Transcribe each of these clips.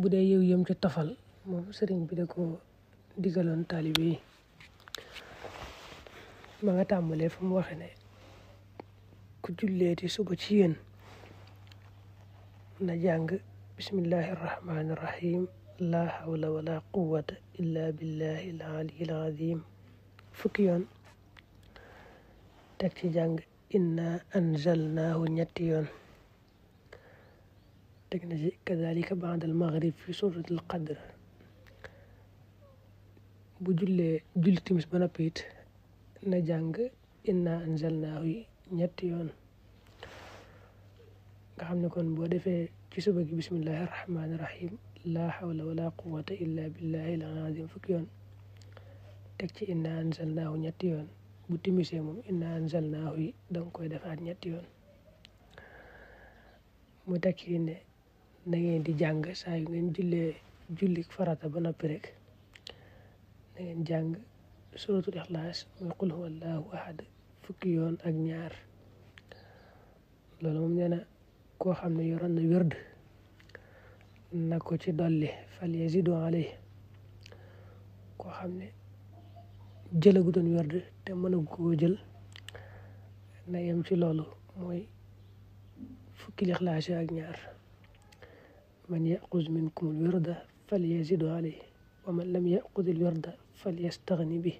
bu dee yiw yëm ci tofal moom sëriñ bi da ko digaloon taalibe yi ma nga tàmbalee fu mu waxe ne ku julleeti suba ci yéen na jàng bismillahi irrahmani irrahim la hawla wala quwata illa billahi al aliyil azim fukki yoon teg ci jàng inna anzalnaahu ñetti yoon وقتك نجيء كذلك بعد المغرب في سورة القدر bu jullee julli timis ba noppi it na jàng inna anzalnaahu yi ñetti yoon nga xam ne kon boo defee ci suba gi bismillahi rahmaani rahim laa xawla wala quwata illa billahi al azim fukki yoon teg ci inna anzalnaahu ñetti yoon bu timisee moom inna anzalnaahu yi danga koy defaat ñetti yoon mu teg ci ne na ngeen di jàng saa yu ngeen jullee jullik farata ba noppi rek na ngeen jàng suratul ixlaas mooy qul huwa allahu ahad fukki yoon ak ñaar loolu moom nee na koo xam ne yoroon na wérd na ko ci dolli fal yazidu alayhi koo xam ne jëlagu doon wérd te mënagu koo jël na yem ci loolu mooy fukki lixlaas ak ñaar من يأخذ منكم الوردة فليزد عليه ومن لم يأخذ الوردة فليستغني به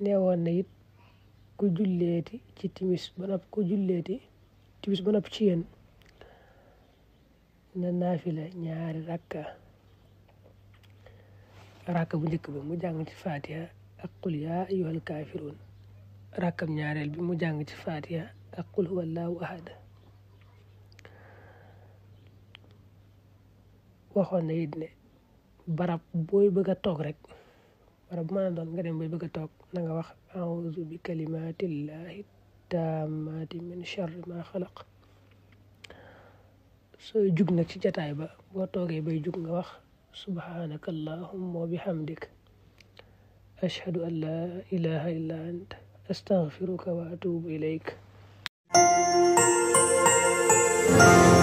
نيو نيت كجوليتي تي تيمس بناب بناب تشين نافلة نيار ركا ركا بو نيك بي مو جانغ تي فاتيا اقول يا ايها الكافرون ركا نيارل بي مو اقول هو الله احد waxoon na it barab booy bëgg a toog rek barab mën a doon nga dem booy bëgg a toog na nga wax auzu bi kalimatillahi taammaati min charri ma xalaq soo jug nag ci jataay ba boo toogee bay jug nga wax subhanaka allahumma wa bihamdik ashhadu an la ilaha illa ant astaghfiruka